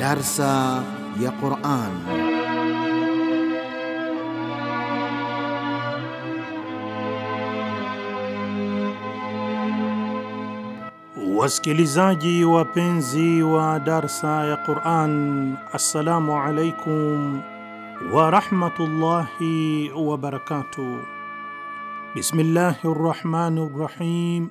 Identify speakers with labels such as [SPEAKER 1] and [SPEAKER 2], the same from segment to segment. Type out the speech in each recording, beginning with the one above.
[SPEAKER 1] دارسا يا قرآن Wasikilizaji wapenzi wa darsa ya Quran, assalamu alaikum wa rahmatullahi wa barakatuh. Bismillahi rrahmani rrahim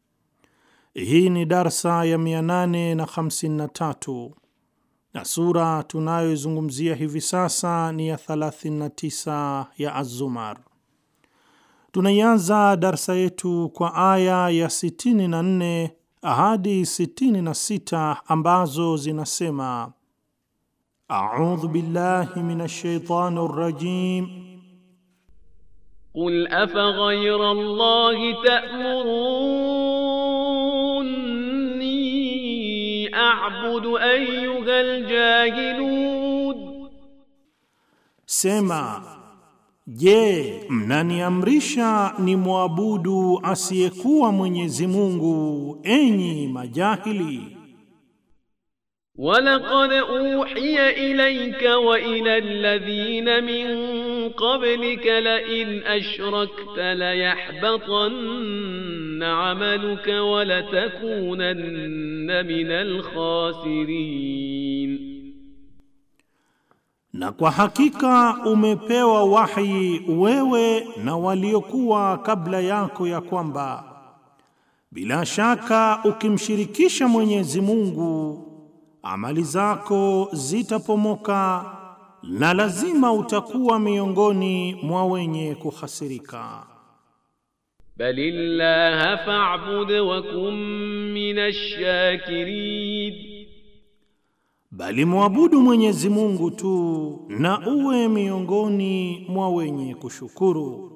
[SPEAKER 1] Hii ni darsa ya 853 na, na sura tunayoizungumzia hivi sasa ni ya 39 ya Az-Zumar. Tunaianza darsa yetu kwa aya ya 64 hadi 66 ambazo zinasema: A'udhu billahi minash shaitani rajim Qul afa ghayra Allahi
[SPEAKER 2] ta'murun أعبد أيها
[SPEAKER 1] الجاهلون سما Je, mnaniamrisha ni mwabudu asiyekuwa Mwenyezi Mungu, enyi majahili?
[SPEAKER 2] ولقد أوحي إليك وإلى الذين من قبلك لئن أشركت ليحبطن عملك ولتكونن min alkhasirin,
[SPEAKER 1] na kwa hakika umepewa wahi wewe na waliokuwa kabla yako, ya kwamba bila shaka ukimshirikisha Mwenyezi Mungu amali zako zitapomoka na lazima utakuwa miongoni mwa wenye kuhasirika.
[SPEAKER 2] بل الله فاعبد وكن من الشاkirin,
[SPEAKER 1] bali mwabudu Mwenyezi Mungu tu na uwe miongoni mwa wenye kushukuru.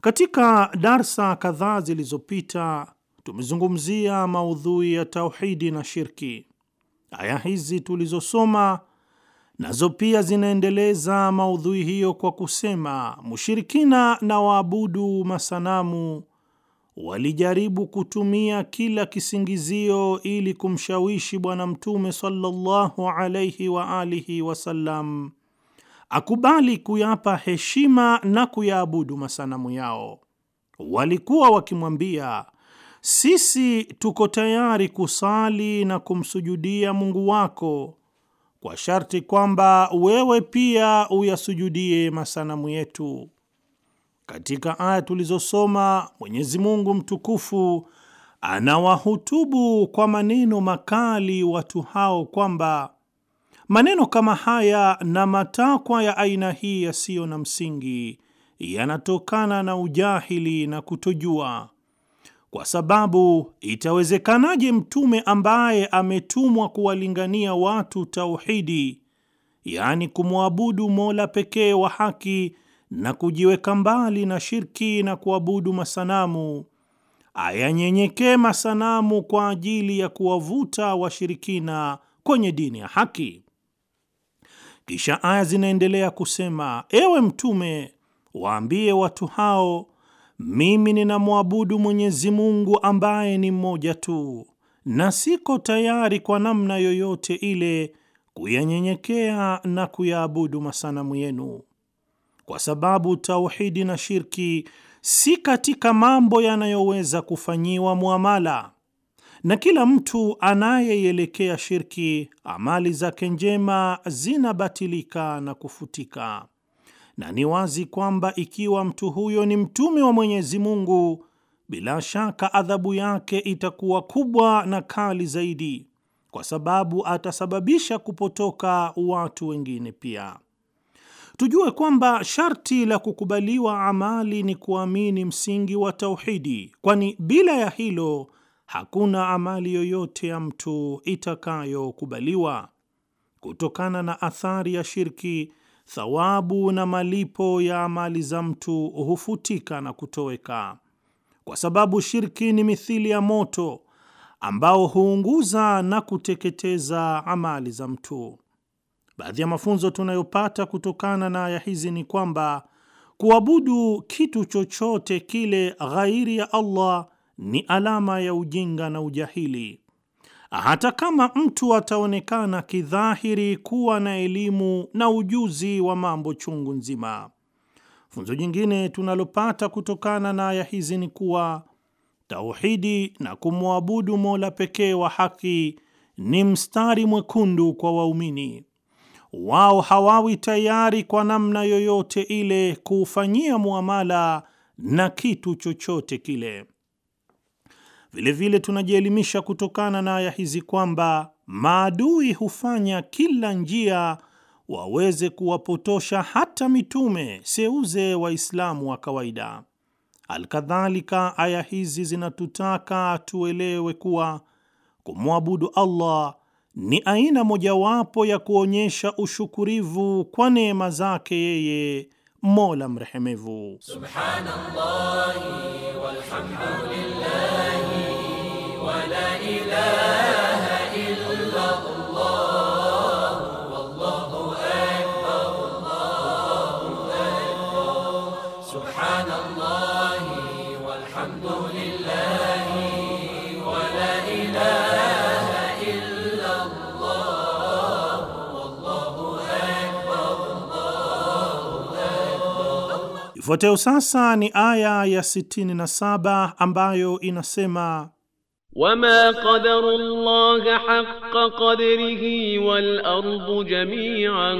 [SPEAKER 1] Katika darsa kadhaa zilizopita tumezungumzia maudhui ya tauhidi na shirki. Aya hizi tulizosoma nazo pia zinaendeleza maudhui hiyo kwa kusema, mushirikina na waabudu masanamu walijaribu kutumia kila kisingizio ili kumshawishi Bwana Mtume sallallahu alaihi wa alihi wasallam akubali kuyapa heshima na kuyaabudu masanamu yao. Walikuwa wakimwambia, sisi tuko tayari kusali na kumsujudia Mungu wako kwa sharti kwamba wewe pia uyasujudie masanamu yetu. Katika aya tulizosoma, Mwenyezi Mungu mtukufu anawahutubu kwa maneno makali watu hao kwamba maneno kama haya na matakwa ya aina hii yasiyo na msingi yanatokana na ujahili na kutojua kwa sababu itawezekanaje mtume ambaye ametumwa kuwalingania watu tauhidi, yaani kumwabudu Mola pekee wa haki na kujiweka mbali na shirki na kuabudu masanamu, ayanyenyekee masanamu kwa ajili ya kuwavuta washirikina kwenye dini ya haki? Kisha aya zinaendelea kusema, ewe mtume, waambie watu hao mimi ninamwabudu Mwenyezi Mungu ambaye ni mmoja tu, na siko tayari kwa namna yoyote ile kuyanyenyekea na kuyaabudu masanamu yenu, kwa sababu tauhidi na shirki si katika mambo yanayoweza kufanyiwa muamala, na kila mtu anayeielekea shirki, amali zake njema zinabatilika na kufutika na ni wazi kwamba ikiwa mtu huyo ni mtume wa Mwenyezi Mungu, bila shaka adhabu yake itakuwa kubwa na kali zaidi, kwa sababu atasababisha kupotoka watu wengine pia. Tujue kwamba sharti la kukubaliwa amali ni kuamini msingi wa tauhidi, kwani bila ya hilo hakuna amali yoyote ya mtu itakayokubaliwa. Kutokana na athari ya shirki thawabu na malipo ya amali za mtu hufutika na kutoweka, kwa sababu shirki ni mithili ya moto ambao huunguza na kuteketeza amali za mtu. Baadhi ya mafunzo tunayopata kutokana na aya hizi ni kwamba kuabudu kitu chochote kile ghairi ya Allah ni alama ya ujinga na ujahili hata kama mtu ataonekana kidhahiri kuwa na elimu na ujuzi wa mambo chungu nzima. Funzo jingine tunalopata kutokana na aya hizi ni kuwa tauhidi na kumwabudu Mola pekee wa haki ni mstari mwekundu kwa waumini. Wao hawawi tayari kwa namna yoyote ile kuufanyia muamala na kitu chochote kile. Vilevile tunajielimisha kutokana na aya hizi kwamba maadui hufanya kila njia waweze kuwapotosha hata mitume, seuze Waislamu wa kawaida. Alkadhalika, aya hizi zinatutaka tuelewe kuwa kumwabudu Allah ni aina mojawapo ya kuonyesha ushukurivu kwa neema zake yeye Mola mrehemevu.
[SPEAKER 2] Subhanallah walhamdulillah
[SPEAKER 1] إله إلا الله والله أكبر الله أكبر سبحان الله والحمد لله ولا إله إلا الله والله أكبر الله أكبر. Ifuatayo sasa ni aya ya 67 ambayo inasema
[SPEAKER 2] وما قدر الله حق قدره والأرض جميعا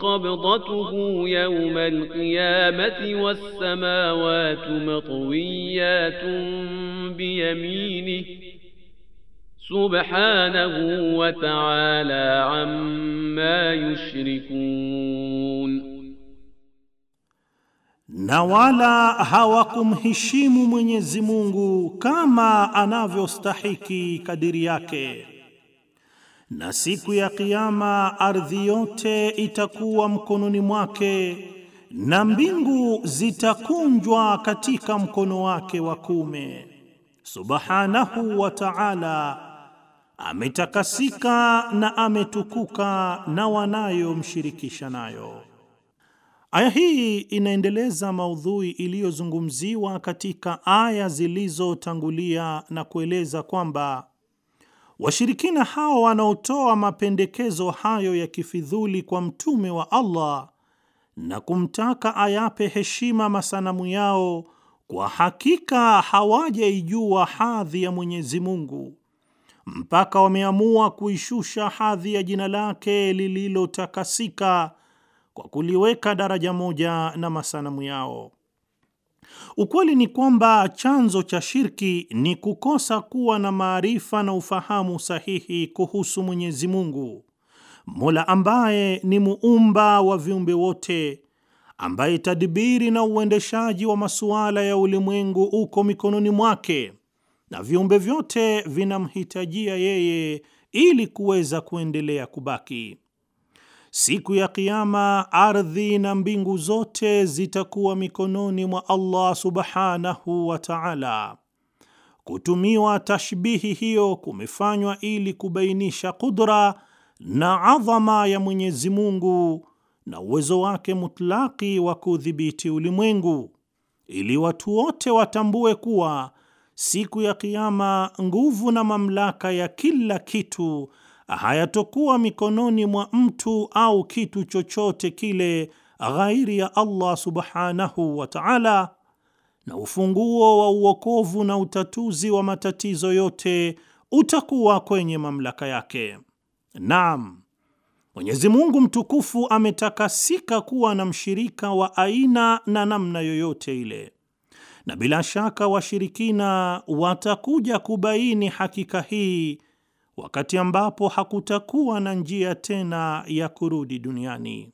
[SPEAKER 2] قبضته يوم القيامة والسماوات مطويات بيمينه سبحانه وتعالى عما يشركون
[SPEAKER 1] na wala hawakumheshimu Mwenyezi Mungu kama anavyostahiki kadiri yake. Na siku ya Kiyama ardhi yote itakuwa mkononi mwake na mbingu zitakunjwa katika mkono wake wa kuume. Subhanahu wa ta'ala ametakasika na ametukuka na wanayomshirikisha nayo. Aya hii inaendeleza maudhui iliyozungumziwa katika aya zilizotangulia na kueleza kwamba washirikina hao wanaotoa mapendekezo hayo ya kifidhuli kwa mtume wa Allah na kumtaka ayape heshima masanamu yao, kwa hakika hawajaijua hadhi ya Mwenyezi Mungu mpaka wameamua kuishusha hadhi ya jina lake lililotakasika kwa kuliweka daraja moja na masanamu yao. Ukweli ni kwamba chanzo cha shirki ni kukosa kuwa na maarifa na ufahamu sahihi kuhusu Mwenyezi Mungu, Mola ambaye ni muumba wa viumbe wote, ambaye tadibiri na uendeshaji wa masuala ya ulimwengu uko mikononi mwake na viumbe vyote vinamhitajia yeye ili kuweza kuendelea kubaki. Siku ya Kiama ardhi na mbingu zote zitakuwa mikononi mwa Allah subhanahu wa taala. Kutumiwa tashbihi hiyo kumefanywa ili kubainisha kudra na adhama ya Mwenyezi Mungu na uwezo wake mutlaki wa kudhibiti ulimwengu, ili watu wote watambue kuwa siku ya Kiama nguvu na mamlaka ya kila kitu hayatokuwa mikononi mwa mtu au kitu chochote kile ghairi ya Allah subhanahu wa ta'ala, na ufunguo wa uokovu na utatuzi wa matatizo yote utakuwa kwenye mamlaka yake. Naam, Mwenyezi Mungu mtukufu ametakasika kuwa na mshirika wa aina na namna yoyote ile, na bila shaka washirikina watakuja kubaini hakika hii wakati ambapo hakutakuwa na njia tena ya kurudi duniani.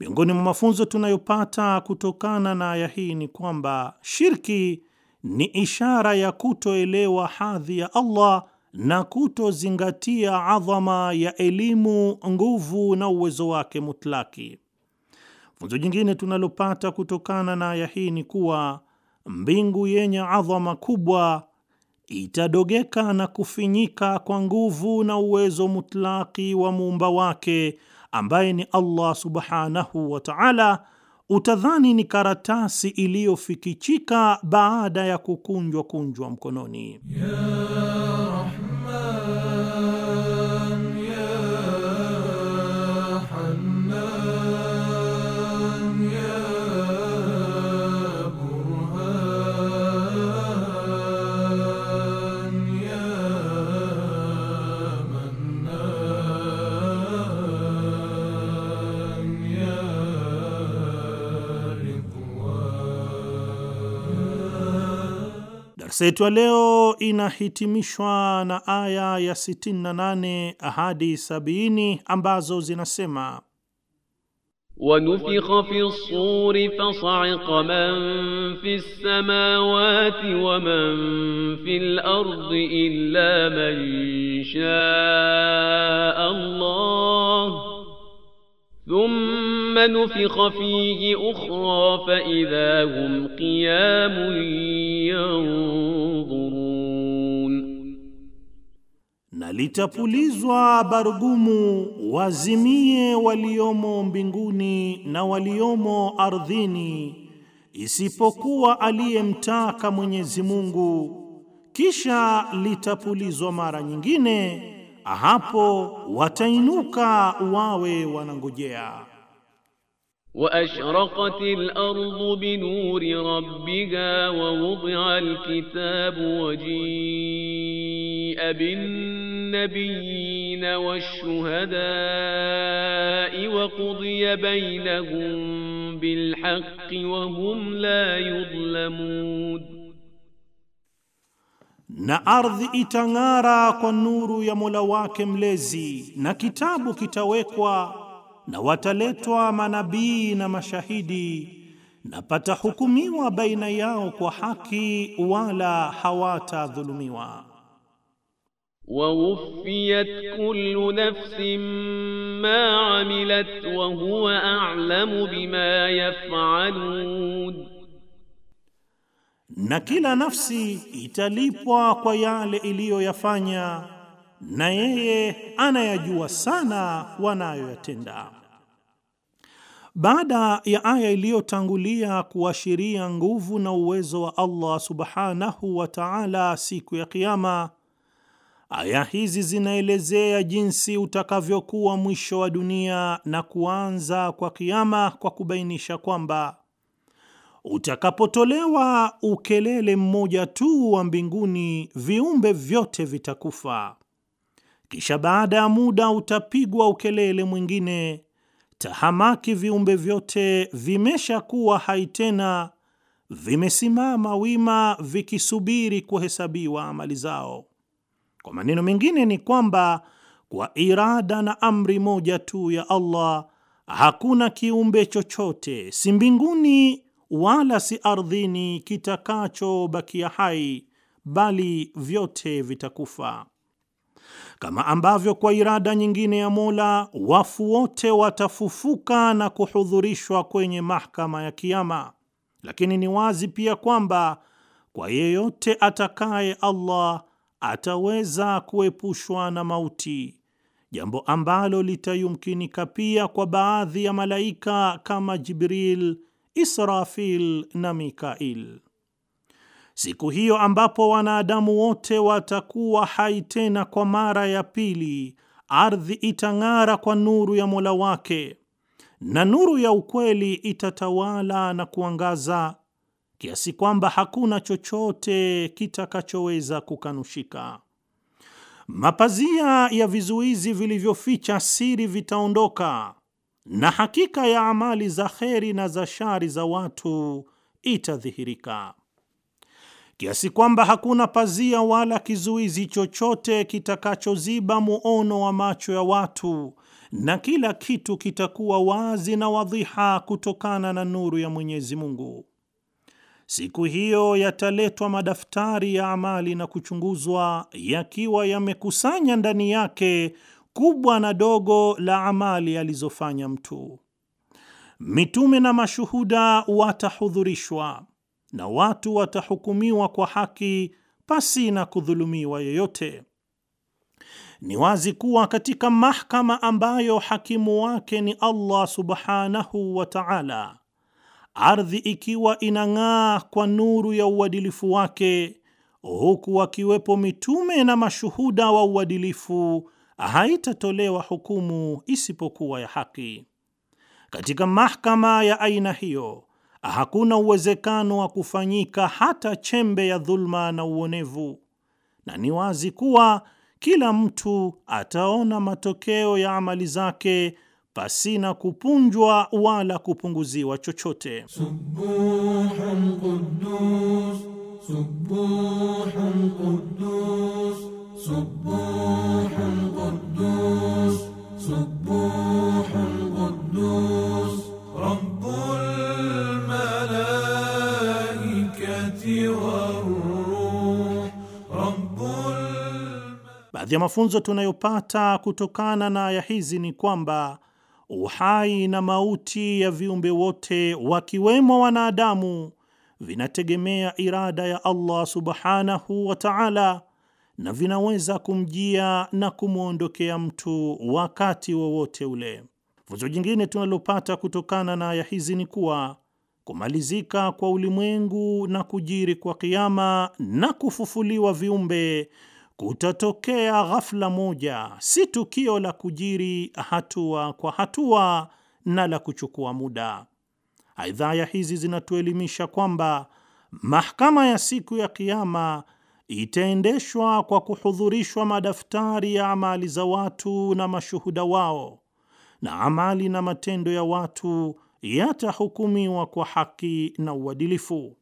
[SPEAKER 1] Miongoni mwa mafunzo tunayopata kutokana na aya hii ni kwamba shirki ni ishara ya kutoelewa hadhi ya Allah na kutozingatia adhama ya elimu, nguvu na uwezo wake mutlaki. Funzo jingine tunalopata kutokana na aya hii ni kuwa mbingu yenye adhama kubwa itadogeka na kufinyika kwa nguvu na uwezo mutlaki wa muumba wake ambaye ni Allah subhanahu wa ta'ala, utadhani ni karatasi iliyofikichika baada ya kukunjwa kunjwa mkononi ya Darsa yetu ya leo inahitimishwa na aya ya 68 hadi 70 ambazo zinasema:
[SPEAKER 2] wanufikha fi ssuri fasa'iqa man fi ssamawati wa man fi lardi illa man shaa Allah thumma ثم نفخ فيه أخرى فإذا هم قيام
[SPEAKER 1] ينظرون na litapulizwa barugumu wazimie waliomo mbinguni na waliomo ardhini isipokuwa aliyemtaka Mwenyezi Mungu, kisha litapulizwa mara nyingine, hapo watainuka wawe wanangojea.
[SPEAKER 2] وأشرقت الأرض بنور ربها ووضع الكتاب وجيء بالنبيين والشهداء وقضي بينهم بالحق وهم لا يظلمون
[SPEAKER 1] na ardhi itang'ara kwa nuru ya Mola wake mlezi na kitabu kitawekwa na wataletwa manabii na mashahidi na patahukumiwa baina yao kwa haki wala hawatadhulumiwa. wa
[SPEAKER 2] wufiyat kullu nafsin ma amilat wa huwa a'lamu bima yaf'alun,
[SPEAKER 1] na kila nafsi italipwa kwa yale iliyoyafanya na yeye anayajua sana wanayoyatenda. Baada ya aya iliyotangulia kuashiria nguvu na uwezo wa Allah subhanahu wa ta'ala siku ya Kiyama, aya hizi zinaelezea jinsi utakavyokuwa mwisho wa dunia na kuanza kwa Kiyama, kwa kubainisha kwamba utakapotolewa ukelele mmoja tu wa mbinguni, viumbe vyote vitakufa kisha baada ya muda utapigwa ukelele mwingine, tahamaki viumbe vyote vimeshakuwa hai tena, vimesimama wima vikisubiri kuhesabiwa amali zao. Kwa maneno mengine ni kwamba kwa irada na amri moja tu ya Allah hakuna kiumbe chochote, si mbinguni wala si ardhini, kitakachobakia hai, bali vyote vitakufa kama ambavyo kwa irada nyingine ya Mola wafu wote watafufuka na kuhudhurishwa kwenye mahakama ya Kiama. Lakini ni wazi pia kwamba kwa yeyote atakaye Allah ataweza kuepushwa na mauti, jambo ambalo litayumkinika pia kwa baadhi ya malaika kama Jibril, Israfil na Mikail siku hiyo ambapo wanadamu wote watakuwa hai tena kwa mara ya pili, ardhi itang'ara kwa nuru ya Mola wake na nuru ya ukweli itatawala na kuangaza kiasi kwamba hakuna chochote kitakachoweza kukanushika. Mapazia ya vizuizi vilivyoficha siri vitaondoka, na hakika ya amali za kheri na za shari za watu itadhihirika kiasi kwamba hakuna pazia wala kizuizi chochote kitakachoziba muono wa macho ya watu, na kila kitu kitakuwa wazi na wadhiha kutokana na nuru ya Mwenyezi Mungu. Siku hiyo yataletwa madaftari ya amali na kuchunguzwa, yakiwa yamekusanya ndani yake kubwa na dogo la amali alizofanya mtu. Mitume na mashuhuda watahudhurishwa na watu watahukumiwa kwa haki pasi na kudhulumiwa yeyote. Ni wazi kuwa katika mahkama ambayo hakimu wake ni Allah subhanahu wa ta'ala, ardhi ikiwa inang'aa kwa nuru ya uadilifu wake, huku wakiwepo mitume na mashuhuda wa uadilifu, haitatolewa hukumu isipokuwa ya haki. Katika mahkama ya aina hiyo hakuna uwezekano wa kufanyika hata chembe ya dhulma na uonevu, na ni wazi kuwa kila mtu ataona matokeo ya amali zake pasina kupunjwa wala kupunguziwa chochote.
[SPEAKER 2] Subuhun Subuhun Subuhun Subuhun
[SPEAKER 1] Baadhi ya mafunzo tunayopata kutokana na aya hizi ni kwamba uhai na mauti ya viumbe wote wakiwemo wanadamu vinategemea irada ya Allah subhanahu wa ta'ala, na vinaweza kumjia na kumwondokea mtu wakati wowote ule. Funzo jingine tunalopata kutokana na aya hizi ni kuwa kumalizika kwa ulimwengu na kujiri kwa kiama na kufufuliwa viumbe kutatokea ghafla moja, si tukio la kujiri hatua kwa hatua na la kuchukua muda. Aidha, aya hizi zinatuelimisha kwamba mahakama ya siku ya Kiama itaendeshwa kwa kuhudhurishwa madaftari ya amali za watu na mashuhuda wao, na amali na matendo ya watu yatahukumiwa kwa haki na uadilifu.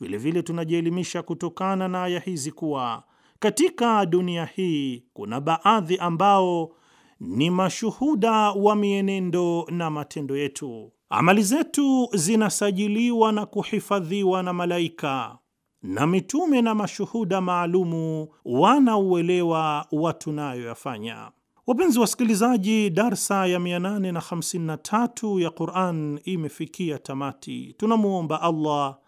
[SPEAKER 1] Vilevile tunajielimisha kutokana na aya hizi kuwa katika dunia hii kuna baadhi ambao ni mashuhuda wa mienendo na matendo yetu. Amali zetu zinasajiliwa na kuhifadhiwa na malaika na mitume na mashuhuda maalumu wanauelewa wa tunayoyafanya. Wapenzi wasikilizaji, darsa ya 853 ya Quran imefikia tamati. Tunamwomba Allah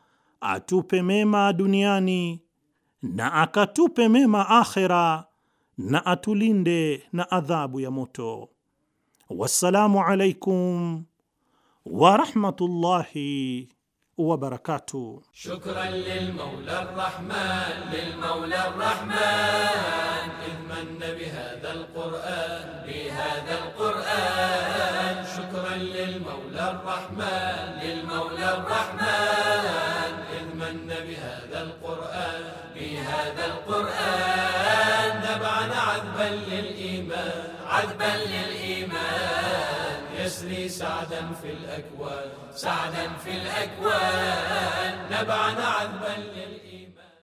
[SPEAKER 1] atupe mema duniani na akatupe mema akhera na atulinde na adhabu ya moto. Wassalamu alaikum wa rahmatullahi wa barakatuh. Shukran lil Mawla Arrahman, lil Mawla Arrahman, idmanna bihadha alquran, bihadha alquran. Shukran lil Mawla Arrahman, lil Mawla Arrahman.
[SPEAKER 2] القرآن نبعنا عذبا للإيمان عذبا للإيمان يسري سعدا في الأكوان سعدا في الأكوان نبعنا عذبا للإيمان